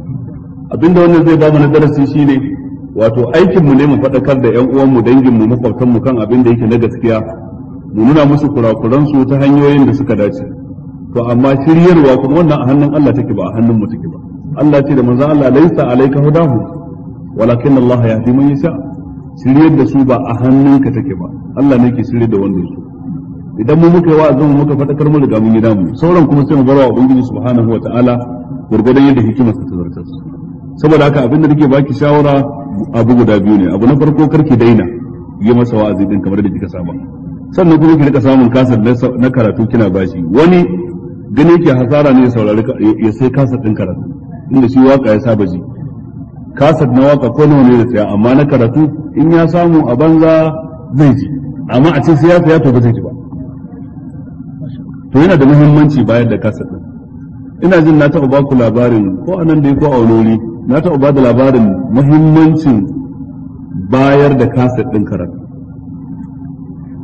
Abin abinda wannan zai ba mu na darasi shine wato aikin mu ne mu faɗakar da ƴan uwan mu dangin mu makwabtan mu kan abin da yake na gaskiya mu nuna musu kurakuran su ta hanyoyin da suka dace to amma shiryarwa kuma wannan a hannun Allah take ba a hannun mu take ba Allah ce da manzo Allah laisa alayka hudahu walakin Allah yahdi man yasha shiryar da su ba a hannun ka take ba Allah ne ke shiryar da wanda su idan mu muka yi wa'azin mu muka fadakar mu riga mun gida mu. sauran kuma sai mu wa ubangiji subhanahu wa ta'ala gurgurdan yadda hikimar ta su saboda haka abin da nake baki shawara abu guda biyu ne abu na farko karki daina yi masa wa'azi din kamar da kika saba sannan kuma ki rika samun kasar na karatu kina bashi wani gani ke hasara ne ya saurari ya sai kasar din karatu inda shi waka ya saba ji kasar na waka ko nawa ne da saya amma na karatu in ya samu a banza zai ji amma a cikin siyasa ya tobe zai ji ba to yana da muhimmanci bayar da kasar din ina jin na taɓa baku labarin ko a nan da ko a wani na taɓa ba da labarin muhimmancin bayar da kasar din karatu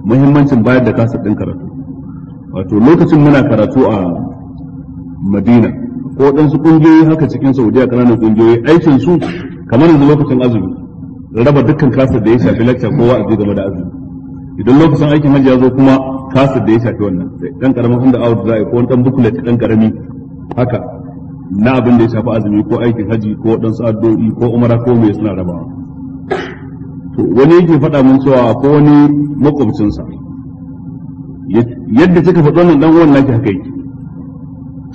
muhimmancin bayar da kasa ɗin karatu wato lokacin muna karatu a madina ko su ƙungiyoyi haka cikin saudiya ƙananan ƙungiyoyi aikin su kamar yanzu lokacin azumi raba dukkan kasar da ya shafi lacca ko wa'azi game da azumi idan lokacin aikin hajji ya zo kuma kasar da ya shafi wannan Ɗan karamin hunda awar da ko wani dan bukulet ɗan karami haka na abin da ya shafi azumi ko aikin hajji ko su addu'o'i ko umara ko me suna rabawa to wani yake faɗa mun cewa ko wani makwabcinsa yadda kika faɗi wannan dan uwan naki haka yake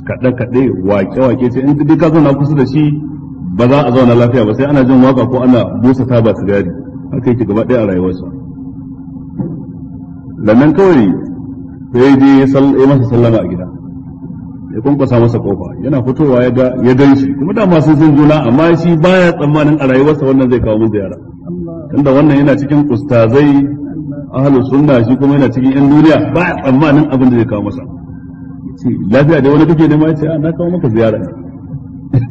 kaɗe kaɗe wake wake sai in dai ka zauna kusa da shi ba za a zauna lafiya ba sai ana jin waka ko ana busa taba sigari haka yake gaba ɗaya a rayuwarsa lannan kawai sai je ya masa sallama a gida ya kwankwasa masa kofa yana fitowa ya ga ya gan shi kuma masu sun juna amma shi baya tsammanin a rayuwarsa wannan zai kawo mun ziyara tunda wannan yana cikin ustazai ahlus sunna shi kuma yana cikin yan duniya ba tsammanin abin da zai kawo masa ce lafiya dai wani kake nema ce ah, na kawo maka ziyara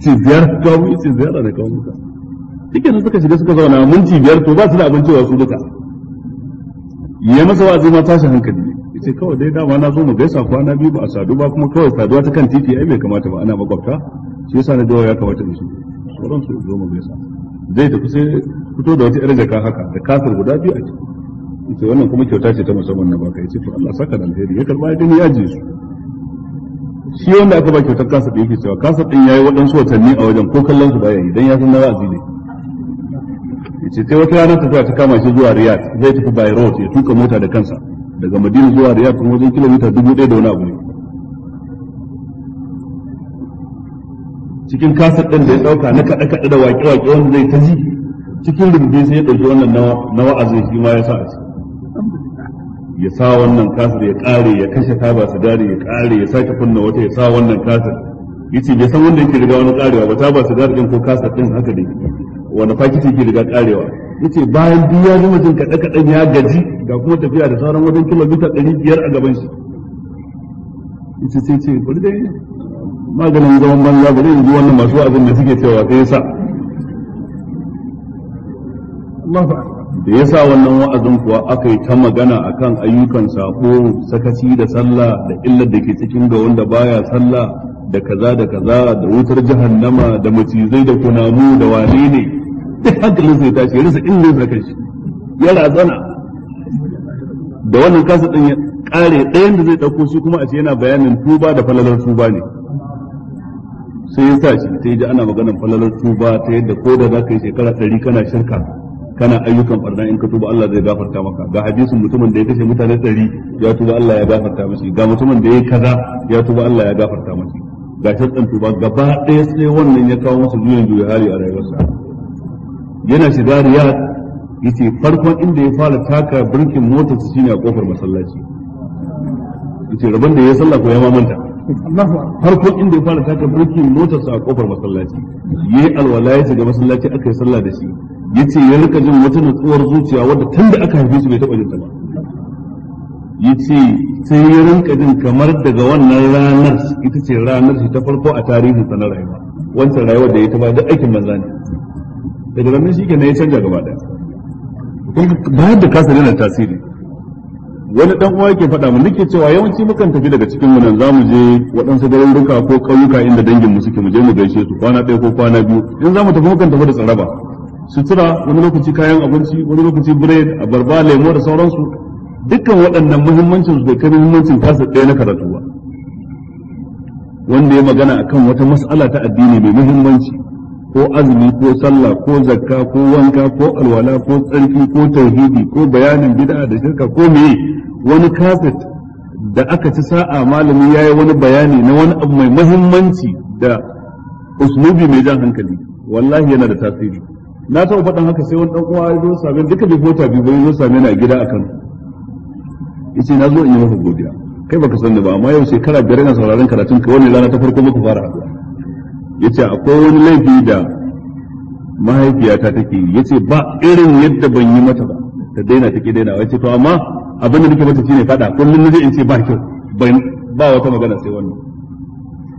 ce ziyara kawo ce ziyara na kawo maka duk yanzu suka shiga suka zauna ci biyar to ba su da abin cewa su duka ya masa wa ma tashi hankali ce kawai dai dama na zo mu gaisa kwana biyu ba a sadu ba kuma kawai saduwa ta kan titi ai bai kamata ba ana makwabta shi yasa na dawo ya kamata mu shi sauran su zo mu gaisa zai tafi sai fito da wata yar jaka haka da kafir guda biyu a ciki ita wannan kuma kyauta ce ta musamman na baka yace to Allah saka da alheri ya karba idan ya ji su shi wanda aka ba kyautar kansa da yake cewa kansa din yayi waɗansu watanni a wajen ko kallon su bayan yi ya san na wa'azi ne yace sai wata rana tafiya ta kama shi zuwa Riyadh zai tafi by road ya tuka mota da kansa daga Madina zuwa Riyadh kuma wajen kilomita dubu ɗaya da wani abu ne cikin kasar ɗin da ya ɗauka na kaɗe kaɗe da waƙe waƙe wanda zai ta ji cikin rubutu sai ya ɗauki wannan na wa'azi shi ma ya sa a ciki ya sa wannan kasar ya ƙare ya kashe taba dare ya ƙare ya sake kunna wata ya sa wannan kasar ce bai san wanda yake riga wani ƙarewa ba taba dare ɗin ko kasar ɗin haka dai wanda fakiti yake riga ƙarewa Ya ce bayan duk ya gama jin kaɗe kaɗen ya gaji ga kuma tafiya da sauran wajen kilomita ɗari biyar a gaban shi yace sai ce bari dai maganin zaman banza ba zai ji wannan masu abin da suke cewa sai yasa da yasa wannan wa'azin kuwa aka yi ta magana a kan ayyukan sako sakaci da sallah da illar da ke cikin ga wanda baya sallah da kaza da kaza da wutar jahannama da macizai da kunamu da wane ne duk hankalin sai tashi ya rasa inda ya saka shi ya razana da wannan kasa din ya kare ɗayan da zai ɗauko shi kuma a ce yana bayanin tuba da falalar tuba ne sai ya sa shi sai ji ana maganar falalar tuba ta yadda ko da ka yi shekara ɗari kana shirka kana ayyukan ɓarna in ka tuba Allah zai gafarta maka ga hadisin mutumin da ya kashe mutane ɗari ya tuba Allah ya gafarta mashi ga mutumin da ya kaza ya tuba Allah ya gafarta mashi ga shirkan tuba gaba ɗaya sai wannan ya kawo masa juyin juya hali a rayuwarsa yana shiga riyad yace farkon inda ya fara taka birkin motarsa shine a kofar masallaci yace rabon da ya sallah ko ya mamanta farko inda ya fara taka burkin motarsa a kofar masallaci yayi alwala ya shiga masallaci aka yi sallah da shi yace ya rika jin wata nutsuwar zuciya wadda tun da aka haife shi bai taba jin ta ba yace sai ya rinka jin kamar daga wannan ranar ita ce ranar shi ta farko a tarihin sa na rayuwa wancan rayuwar da ya ta ba aikin maza ne daga ranar shi kenan ya canja gaba daya Ba da kasa yana tasiri wani dan uwa yake faɗa mun nake cewa yawanci mukan tafi daga cikin mu nan zamu je waɗansu garuruka ko ƙauyuka inda dangin mu suke mu je mu gaishe su kwana ɗaya ko kwana biyu in zamu tafi mukan tafi da tsaraba sutura wani lokaci kayan abinci wani lokaci bread abarba lemo da sauransu dukkan waɗannan muhimmancin su bai kai muhimmancin kasa ɗaya na karatu ba wanda ya magana akan wata mas'ala ta addini mai muhimmanci ko azumi ko sallah ko zakka ko wanka ko alwala ko tsarki ko tauhidi ko bayanin bid'a da shirka ko meye wani kafet da aka ci sa'a malami yayi wani bayani na wani abu mai muhimmanci da usulubi mai jan hankali wallahi yana da tasiri na taɓa faɗan haka sai wani ɗan uwa ya zo same duka bi mota bi bai zo same ni a gida akan yace na zo in yi maka godiya kai baka san ni ba amma yau shekara biyar ina sauraron karatun ka wannan rana ta farko muka fara haɗuwa ya yace akwai wani laifi da mahaifiyata take yi ya ce ba irin yadda ban yi mata ba ta daina take daina ce to amma abin da nake mata shine fada kullum naje in ce ba kyau ba wata magana sai wannan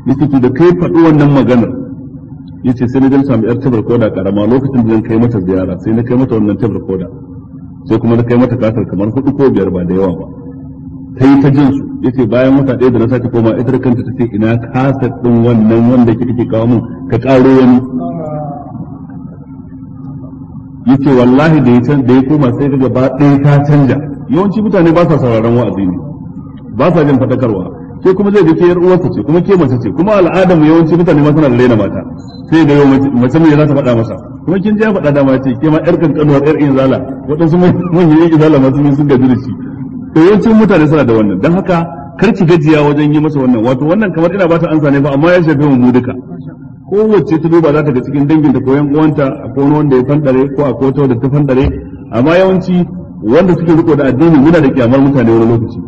yace to da kai faɗi wannan maganar yace sai na dan samu yar tabar koda karama lokacin da zan kai mata ziyara sai na kai mata wannan tabar koda sai kuma na kai mata kasar kamar hudu ko biyar ba da yawa ba ta yi ta jin su yace bayan wata ɗaya da na sake koma ita kanta ta ce ina kasa ɗin wannan wanda ke kake kawo min ka ƙaro wani yace wallahi da ya da ya koma sai ga gaba ɗaya ta canja yawanci mutane ba sa sauraron wa'azi ne ba sa jin fadakarwa ke kuma zai dace ke yar uwarsa ce kuma ke mace ce kuma al'adam yawanci mutane ma suna da raina mata sai ga yau mace mai za ta faɗa masa kuma kin ji faɗa dama ce ke ma yar kankanuwar yar inzala waɗansu mun yi izala masu sun gaji da shi to yawancin mutane suna da wannan don haka kar ki gajiya wajen yi masa wannan wato wannan kamar ina ba ta ansa ne ba amma ya shafe mu duka kowace ta duba za ta ga cikin danginta ko yan uwanta ko wani wanda ya fandare ko a ko wanda ta fandare amma yawanci wanda suke riko da addini muna da kyamar mutane wani lokaci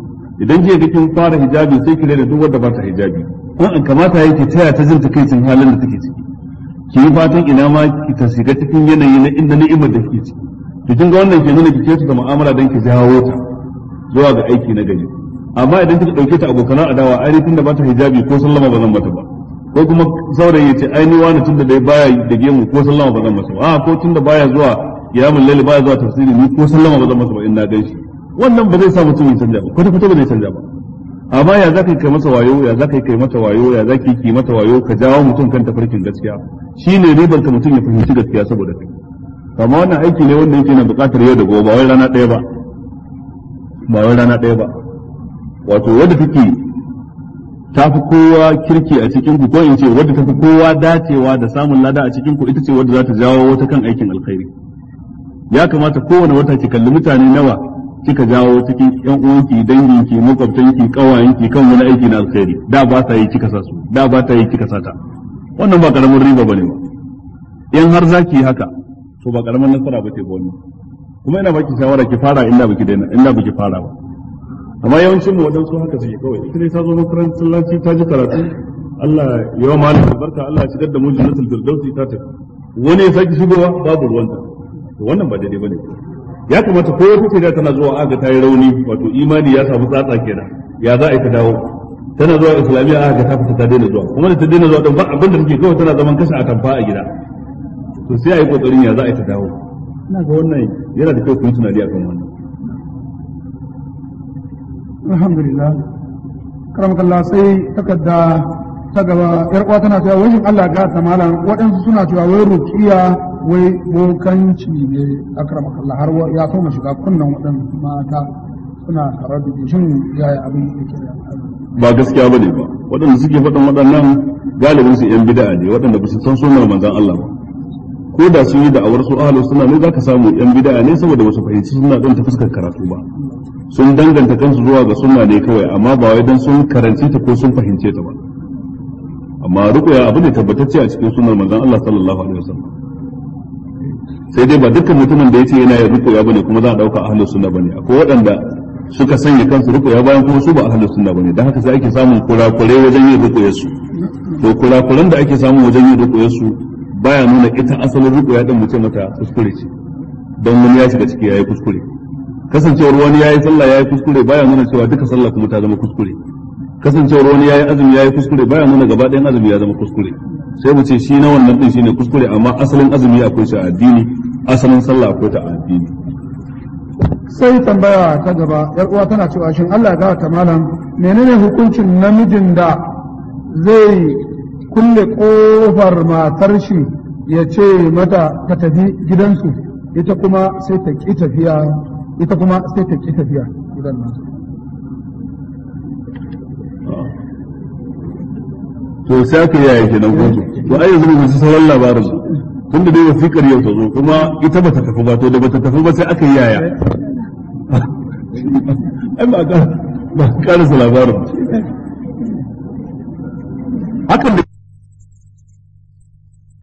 idan jiya kin fara hijabi sai ki da duk wanda ba ta hijabi kun an kamata yake taya ta jin takeicin halin da take ciki ki yi fatan ina ma ki ta shiga cikin yanayi na inda ni'imar da kike ciki to kin ga wannan ke nuna ki kyautata mu'amala dan ki jawo ta zuwa ga aiki na gari amma idan kika dauke ta abokan adawa ai tunda ba ta hijabi ko sallama ba zan mata ba ko kuma saurayi yace ai ni wani tunda dai baya da gemu ko sallama ba zan ba a ah, ko tunda baya zuwa kiyamul layl baya zuwa tafsiri ni ko sallama ba zan ba in na gaishe wannan ba zai sa mutum ya canja ba kwata kwata ba zai canja ba amma ya za ka kai masa wayo ya za ka kai mata wayo ya za ka yi mata wayo ka jawo mutum kan tafarkin gaskiya shine ribar ka mutum ya fahimci gaskiya saboda kai amma wannan aiki ne wanda yake na buƙatar yau da gobe wai rana ɗaya ba ba wai rana ɗaya ba wato wadda take ta fi kowa kirki a cikin ku ko in ce wadda ta fi kowa dacewa da samun lada a cikin ku ita ce wadda za ta jawo wata kan aikin alkhairi ya kamata kowane wata ki kalli mutane nawa kika jawo cikin yan uwanki danginki makwabtanki kawayenki kan wani aiki na alkhairi da ba ta yi kika sa su da ba ta yi kika sa ta wannan ba karamin riba bane ba in har zaki haka to ba karamin nasara ba ce ba wannan kuma ina baki shawara ki fara inda baki da inda baki fara ba amma yawancin mu wadansu haka suke kawai ita dai ta zo makarantar sallaci ta ji karatu Allah ya wa malam barka Allah ya shigar da mu jannatul firdausi ta ta wani ya saki shigowa babu ruwanta to wannan ba daidai bane ya kamata ko wata ce da tana zuwa aga ta yi rauni wato imani ya samu tsatsa kenan ya za a yi ta dawo tana zuwa islamiyya aga ta fita ta daina zuwa kuma da ta daina zuwa don ba abin da take kawai tana zaman kashe a tamfa a gida to sai a yi kokarin ya za a yi ta dawo ina ga wannan yana da kyau ku yi tunani akan wannan alhamdulillah karamakallah sai takarda ta gaba yar uwa tana cewa wai Allah ga ta malam waɗansu suna cewa wai rukiya wai bokanci ne a karamakallah har ya koma shiga kunnan waɗansu mata suna tare da ya yaya abin da ke ba gaskiya bane ba waɗanda suke faɗin waɗannan galibin su yan bid'a ne waɗanda ba su san sunan manzon Allah ba ko da sun yi da'awar su ahlus suna ne zaka samu yan bid'a ne saboda wasu fahimci suna don ta fuskar karatu ba sun danganta kansu zuwa ga sunna ne kawai amma ba wai don sun karanci ta ko sun fahimce ta ba amma rukuya abu ne tabbatacce a cikin sunnar manzon Allah sallallahu alaihi wasallam sai dai ba dukkan mutumin da yace yana yin rukuya bane kuma za a dauka ahlus sunna bane akwai waɗanda suka sanya kansu rukuya bayan kuma su ba ahlus sunna bane dan haka sai ake samun kurakure wajen yin rukuyar su to kurakuren da ake samu wajen yin rukuyar su baya nuna ita asalin rukuya ya mu ce mata kuskure ce don wani ya shiga ciki yayi kuskure kasancewar wani yayi sallah yayi kuskure baya nuna cewa duka sallah kuma ta zama kuskure kasancewar wani yayi azumi yayi kuskure baya nuna gaba ɗayan azumi ya zama kuskure sai mu ce shi na wannan din shine kuskure amma asalin azumi akwai shi a addini asalin sallah akwai ta a addini sai tambaya ta gaba yar uwa tana cewa shin Allah ya ta malam menene hukuncin namijin da zai kulle ƙofar matar shi ya ce mata ka tafi gidansu ita kuma sai ta ƙi tafiya ita kuma sai ta ƙi tafiya gidan nasu to sai aka yaya nan ko to ai yanzu mun san sauran labarin tun tunda dai wasiƙar yau ta zo kuma ita ta tafi ba to da ta tafi ba sai aka yaya ai ba ka ba ka labarin hakan da